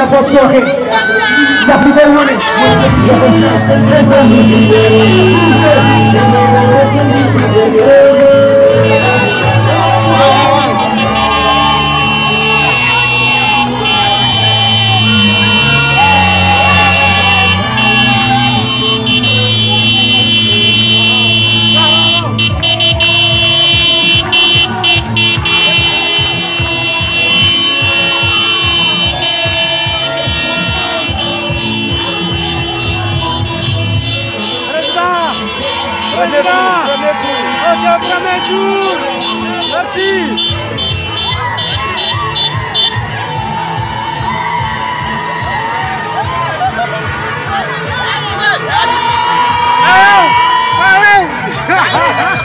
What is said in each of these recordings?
dafa sooxe ndax li koy wane mooy Yeah.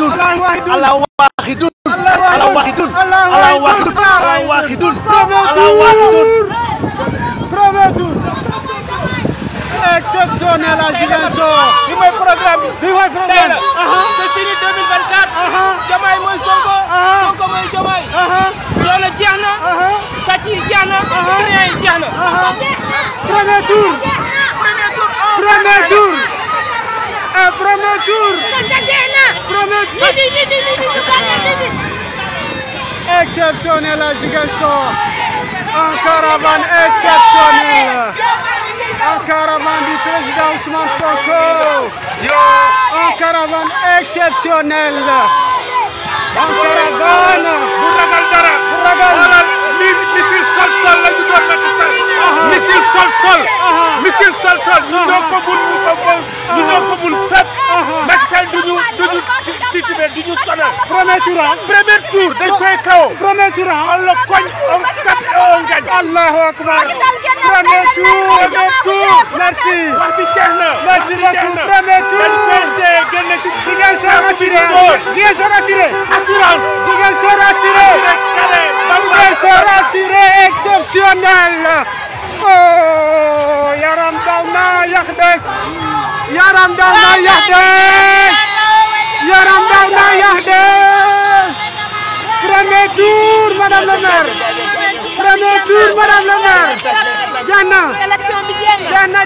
واحد الله واحد الله واحد الله واحد الله واحد الله واحد exceptionnel à Ziguinchor. bi mooy programme bi. bi mooy programme bi. c'est fini 2024. Diomaye mooy Sonko. Sonko mooy Diomaye. doole jeex na. sàcc yi jeex na. crayon yi jeex na. premier tour. premier tour. premier tour. un premier tour. Premier tour. Exceptionnel à En caravane exceptionnel un caravane du président Ousmane Sonko. En caravane exceptionnel un caravane. tour ah. premier tour dañ koy kaw. premier tour ah. on le cogne on capte et on gagne. allahu akbar. premier tour premier tour. merci. wax bi jeex na. merci beaucoup premier tour. dañ koy dee génne ci. Ziguinchor assuré Ziguinchor assuré. assurance. Ziguinchor assuré. Ziguinchor assuré exceptionnel. oh yaram daw na yax des. yaram daw na yax des. yaram daw na yax des. Premier tour madame le maire. Premier tour madame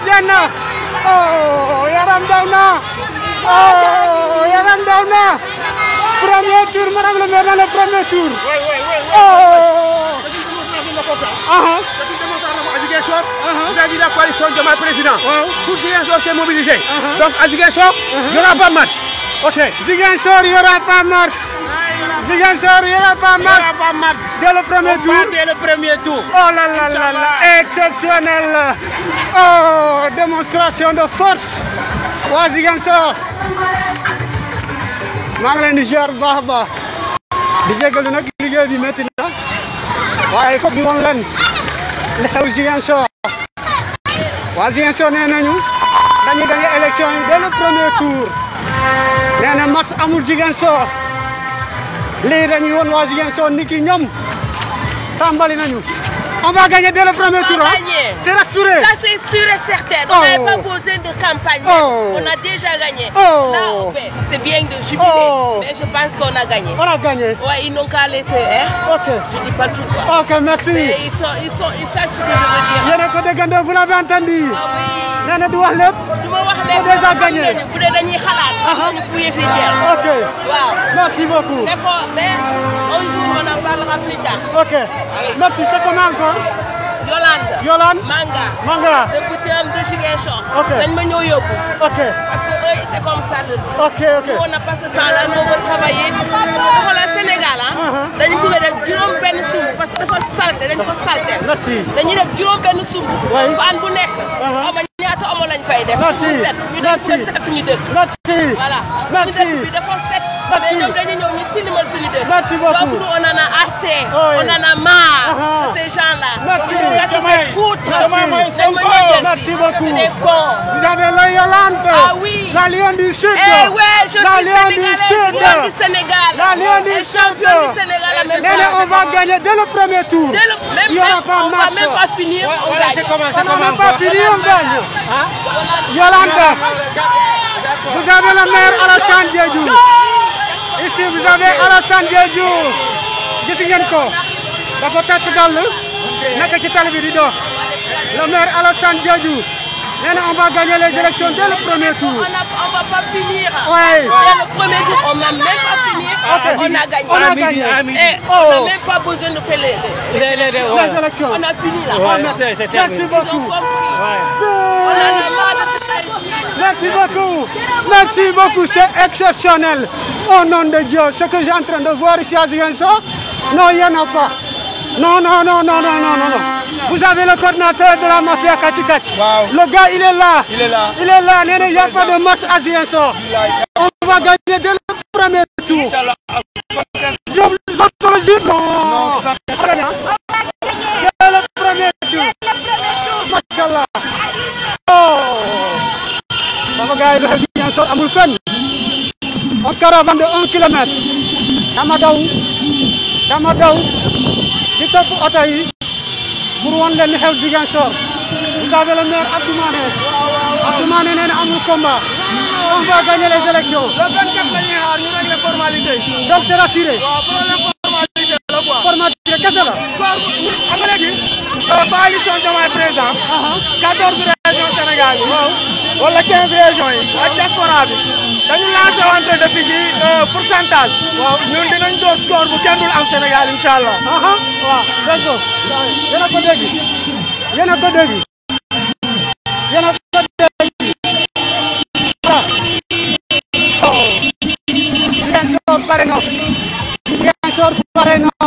le oh, yaram daw na. Oh, yaram daw Premier tour madame le maire dans premier tour. oh. ah. Ziguinchor. vis-à-vis de uh-huh. la coalition Diomaye uh-huh. uh-huh. donc à Ziguinchor. y aura pas rien là pas mal. Il pas mal. Dès le premier tour. Dès le premier tour. Oh là là là là, exceptionnel. Oh, démonstration de force. waa Ziguinchor. maa ngi leen baba. di jégalu nag liggéey bi métti na. waaye foog ñu woon leen. li xew Ziguinchor. waa Ziguinchor nee nañu. dañuy gagné élection dès le premier tour. nee na amul amul ça. lii dañuy won waa Ziguinchor nit ki ñoom tàmbali nañu On va gagner dès le premier tour. Hein. C'est rassuré. Ça, c'est sûr et certain. On n'a pas oh. besoin de campagne. Oh. On a déjà gagné. Oh. Là, c'est bien de jubiler. Mais je pense qu'on a gagné. On a gagné. Ouais, ils n'ont qu'à laisser. Hein? Ok. Je dis pas tout. Quoi. Ok, merci. ils, sont, ils, sont, ils sachent ce que je veux dire. Il y a des vous l'avez entendu. Ah oui. nee na du wax Vous du déjà gagné Vous avez dañuy xalaat. Ah ah. fi ok merci beaucoup. d'accord mais on en parlera plus tard. ok merci c'est comment encore. Yolande. Yolande Manga. Manga. député am de ok dañ ma ñëw yóbbu. ok parce que eux c'est comme ça ok ok on n'a pas ce temps-là moo ko travailler. xoolal Sénégal ah. dañu bëgg a def juróom benn suuf parce que dafa salté dañ juróom benn suuf. waay fan bu nekk. Uh-huh. xam ñaata omo lañ fay def. merci merci ñu def suñu suñu dëkk bi dafa set. merci mais ñoom dañuy ñëw suñu dëkk. merci beaucoup donc on en a assez. on Merci beaucoup. Vous avez le Yolande, la Lyon du Sud, eh ouais, la Lyon du Sud, la Lyon du Sud. on va gagner dès le premier tour. Il n'y aura pas de match. On va même pas finir. on ne même pas fini, on gagne. Yolande, vous avez le mère Alassane Diédiou. Ici, vous avez Alassane Diédiou. Gis ngeen peut-être dans le le maire Alassane on va gagner les élections dès le premier tour. on va pas finir. on n'a même pas fini. on a gagné on a gagné eh, on n'a oh. même pas besoin de faire les élections on a fini merci beaucoup. Merci beaucoup. Merci beaucoup. C'est exceptionnel. Au nom de Dieu, ce que j'ai en train de voir ici à Zienso, non, il n'y en a pas. Non, non, non, non, non, non, non, non. Vous avez le coordinateur de la mafia Katikachi. Wow. Le gars, il est là. Il est là. Il est là. Il n'y a pas de match Asiens. On va gagner dès le premier tour. Je vous dis non. Non, ça... Dès le premier tour. Machallah. Oh. va, gars, il est en sort à Moulfen. En caravane de 1 km. Amadaou. dama daw di topp oto yi pour le maire Abdou Mané Abdou la ñuy xaar ñu régler formalité donc c'est rassuré waaw problème formalité la quoi formalité kese Sénégal waaw wala 15 régions yi ak diaspora dañu lancé wante depuis ci euh, pourcentage. waaw ñun dinañ doon score bu kenn dul am Sénégal incha allah. waaw dégg nga yéen a ko dégg yéen a ko dégg yéen a ko dégg waaw. Ziguinchor pare na Ziguinchor pare na.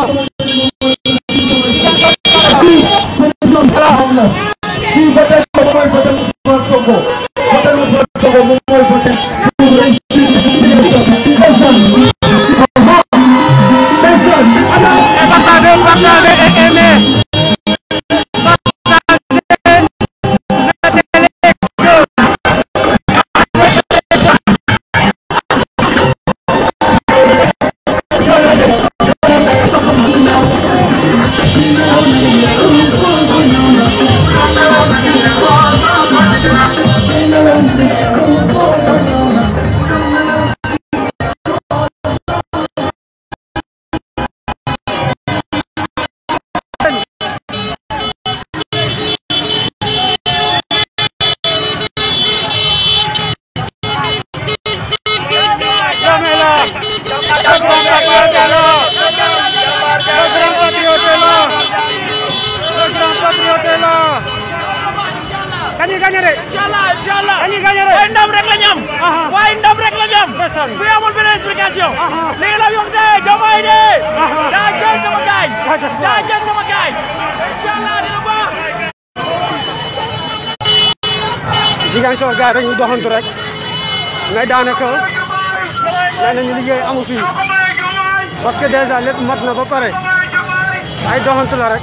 mais daanaka nee nañu liggéey amu fii parce que déjà lépp mat na ba pare ay doxantu la rek.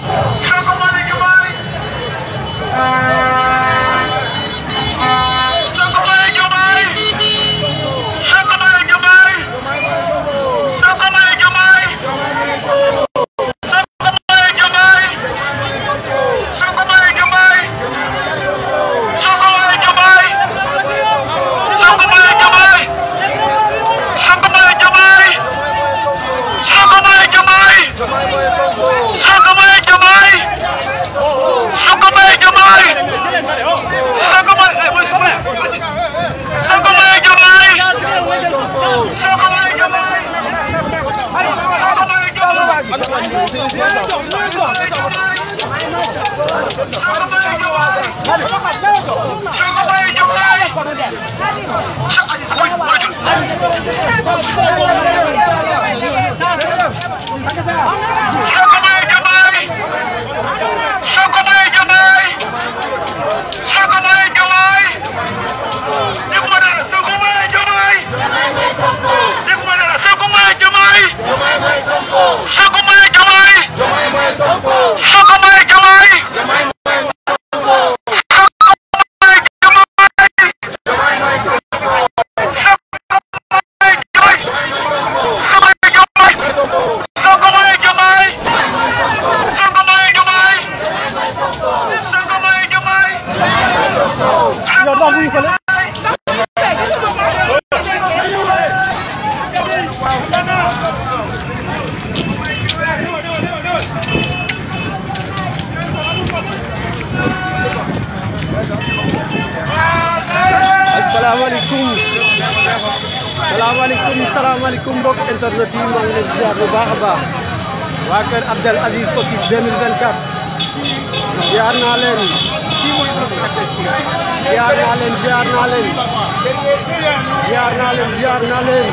السلام عليكم السلام عليكم السلام عليكم بوك انترنتي مو لي جاب بابا واكر عبد العزيز فوكي 2024 زيارنا لين زيارنا لين زيارنا لين زيارنا لين زيارنا لين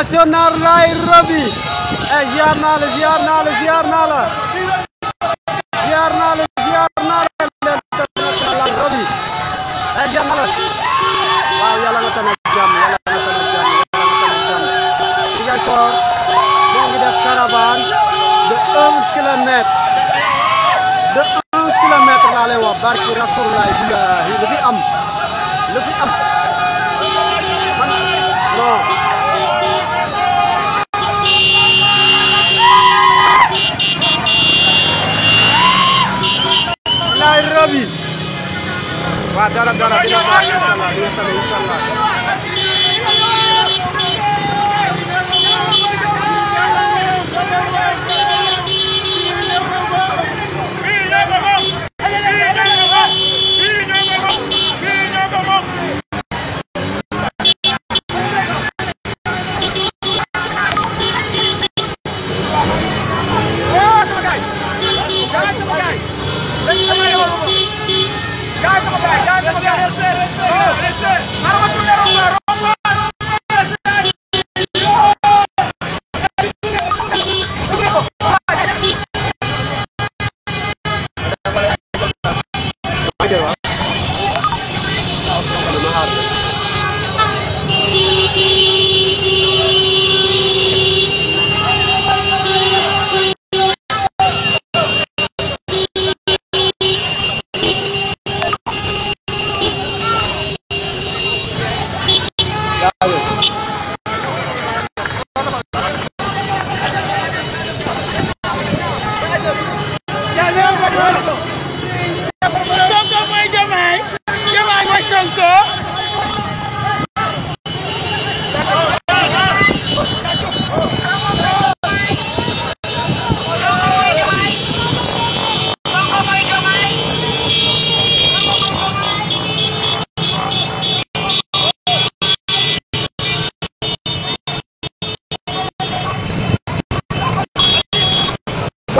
national Nairobi eh ziar naa la ziar naa la ziar naa la ziar naa la ziar naa la international Nairobi eh ziar naa la waaw yàlla nga tane ak jàmm yàlla nga tane ak jàmm yàlla nga tane ak jàmm Ziguinchor moo ngi def caravane de un kilomètre de un kilomètre laa lay wax barki Rasulullah billahi lu fi am lu fi am cara, cara.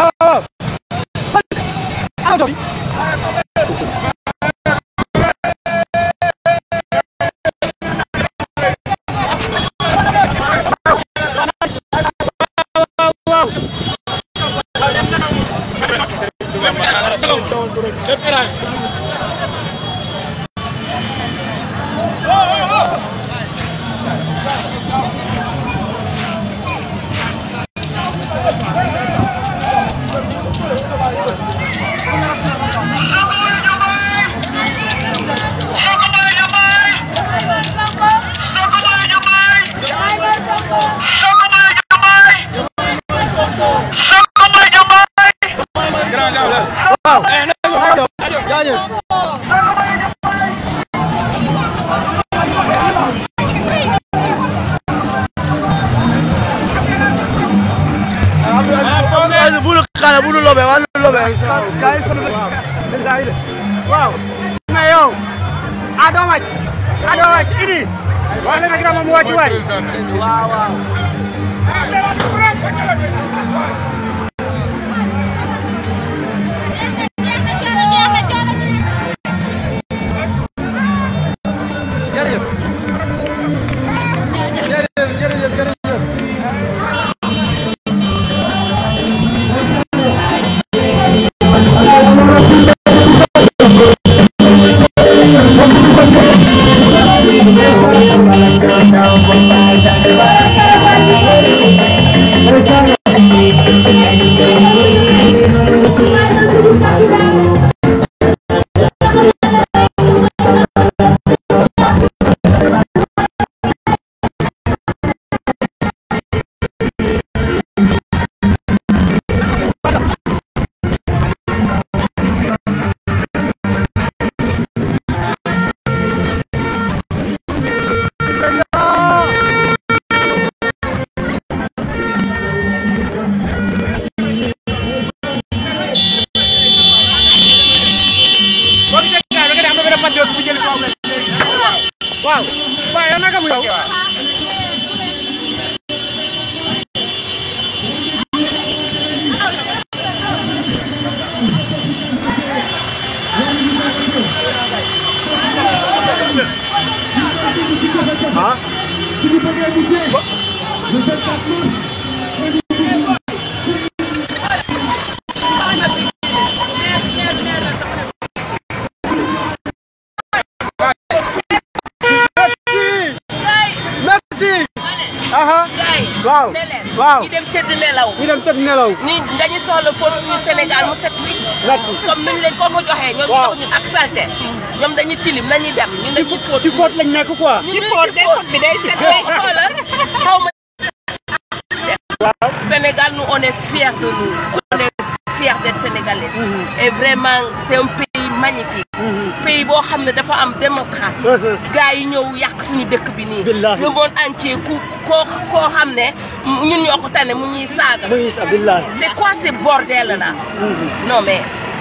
와, 와, 와. 빨리. 아, 저기. waaw jaajëf bunu xale bunu lobe wàllu lobe waaw mais yow adoo wàcc adoo wàcc idi wala nak dama mu wàcc waay waaw waaw Гер, гер, гер. waaw waaw ñu dem tëdd nelaw ñu dem tëdd nelaw ni dañu soxla force suñu Sénégal mu set wicc comme niñ leen ko ko joxee ñoom ñu tax ñu ak salté ñoom dañu tilim nañu dem ñun dañuy fóot ci fóot lañ nekk quoi ci fóot bi day set xoolal xaw ma waaw Sénégal nous on est de nous mm-hmm. et vraiment c'est un pays magnifique. Mm-hmm. pays boo xam ne dafa am démocrate. Mm-hmm. gars yi ñëw yàq suñu dëkk bi nii. le monde entier ku koo xam ne ñun ñoo ko tane mu ñuy saaga. mu ñuy saaga c'est quoi ce bordel là. non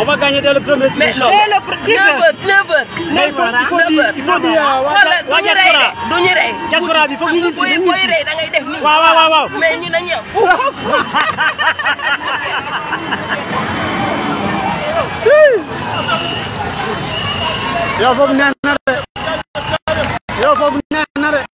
On va gagner dès le premier tour. Mais non, dès le 9 heures, 9 heures. Il faut dire xoolal du ñu rey de du ñu rey. diaspora bi foog ñu ñu si booy rey da ngay def nii. waaw waaw waaw mais ñu nañu yow foofu nee na de yow foofu nee na de